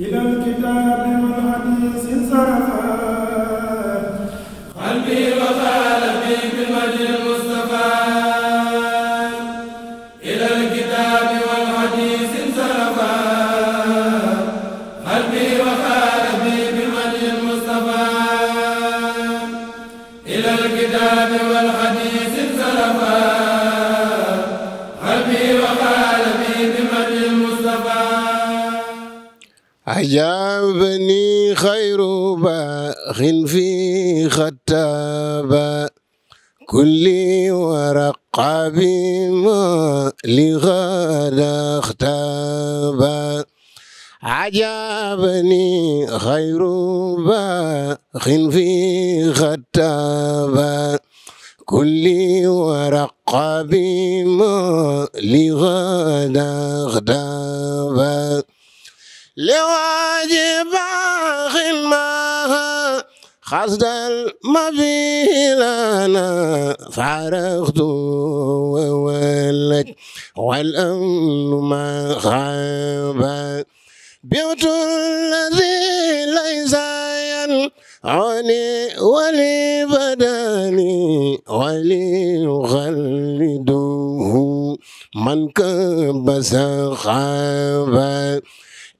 إلى الكتاب والحديث انصرفا قلبي وقلبي بالوجه المصطفى إلى الكتاب والحديث انصرفا قلبي وقلبي بالوجه المصطفى إلى الكتاب والحديث عجبني خير باخ في خطابا كل ورقة بما لغد اختابا عجبني خير باخ في خطابا كل ورقة بما لغد اختابا لواجب ما خصد المبي لنا فارغت وولت والأمن ما خاب بيوت الذي ليس عني ولي بدني ولي يخلده من كبس خابا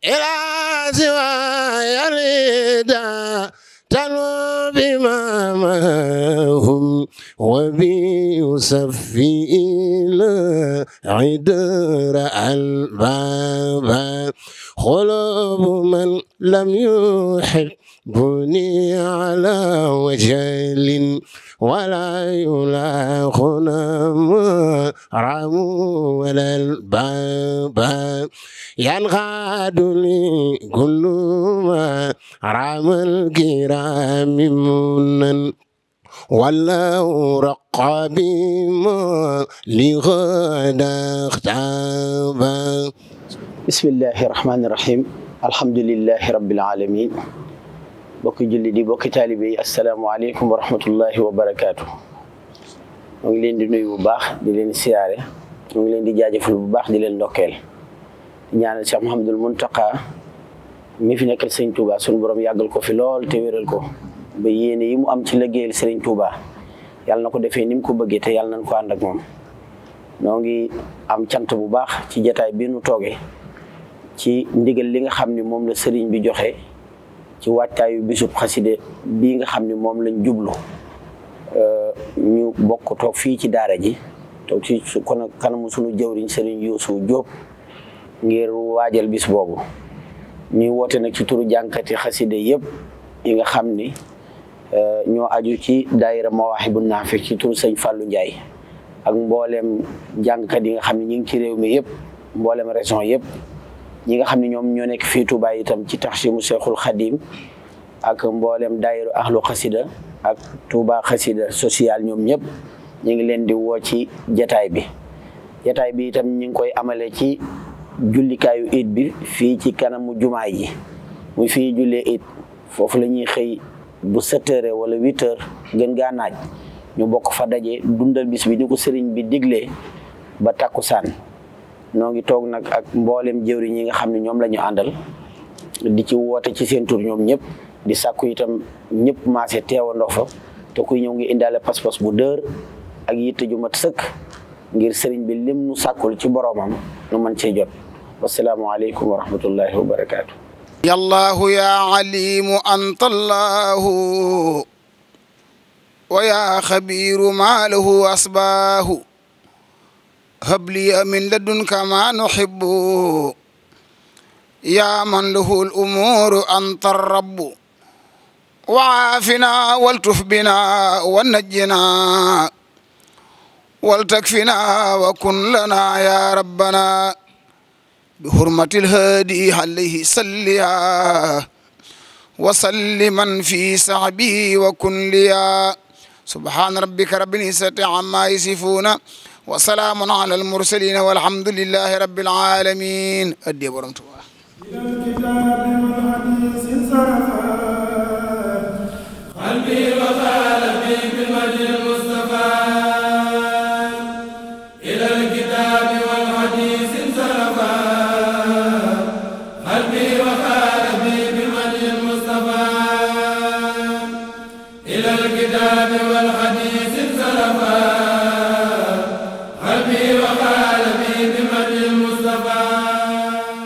إلى سوى يريدا تنو بمامهم وبيوسف إلى عدر الباب قلوب من لم يحب بني على وجل ولا يلاخنا مرعم ولا الباب ينغاد لي كل ما رام الكرام منن ولا رقى بما لغد اختابا بسم الله الرحمن الرحيم الحمد لله رب العالمين bokki julli di bokki taalibe yi asalaamaaleykum wa rahmatullahi wa barakaatu. mu ngi leen di nuyu bu baax di leen siyaare mu ngi leen di jaajëfal bu baax di leen ndokkeel ñaanal Cheikh Mouhamadul Muntaqa mi fi nekkal sëñ Touba borom yàggal ko fi lool te ko ba yéene yi mu am ci liggéeyal sëriñ Touba yàlla na ko defee ni mu ko bëggee te yàlla nañ ko ànd ak moom. noo ngi am cant bu baax ci jataay bi nu toogee ci ndigal li nga xam ni moom la sëriñ bi joxe. ci waajtaayu bisu xaside bii nga xam ni moom lañ jublu euh, ñu bokk toog fii ci daara ji toog ci su kon kanamu sunu jëwriñ Serigne Youssou Diop ngir waajal bis boobu ñuy woote nag ci turu jànkati xaside yëpp yi nga xam ni euh, ñoo aju ci daayira Mawaahibu Naafi ci turu sëñ Fallou Ndiaye ak mboolem jàngkat yi nga xam ne ñu ngi ci réew mi yëpp mboolem région yëpp ñi nga xam ne ñoom ñoo nekk fii Touba itam ci taxsimu Seexul Xadim ak mboolem daayiru ahlu xasida ak Touba xasida social ñoom ñëpp ñu ngi leen di woo ci jataay bi jataay bi itam ñu ngi koy amale ci jullikaayu it bi fii ci kanamu jumaa yi muy fi jullee it foofu la ñuy xëy bu sept wala huit heures gën gaa naaj ñu bokk fa daje dundal bis bi ni ko sëriñ bi diglee ba takkusaan noo toog nag ak mboolem jëwriñ yi nga xam ne ñoom lañu ñu di ci woote ci seen tur ñoom ñëpp di sàkku itam ñëpp maase teewandoo fo te kuy ñëw ngi indaale pas-pas bu dër ak yitte ju mat sëkk ngir sëriñ bi lim nu sàkkul ci boroomam nu mën cee jot wasalaamualeykum wa rahmatullahi wa barakaatu. yallaahu yaa alimu antallaahu wa yaa xabiiru maalahu asbaahu هب لي من لدنك ما نحب يا من له الأمور أنت الرب وعافنا والتف بنا ونجنا والتكفنا وكن لنا يا ربنا بحرمة الهادي عليه صليا وسلما في صحبه وكن ليا سبحان ربك رب العزة عما يصفون wa salaamun ala al mursalin walhamdulillahi rabbil alamin addee borom Tuubaa الكتاب والحديث سلفا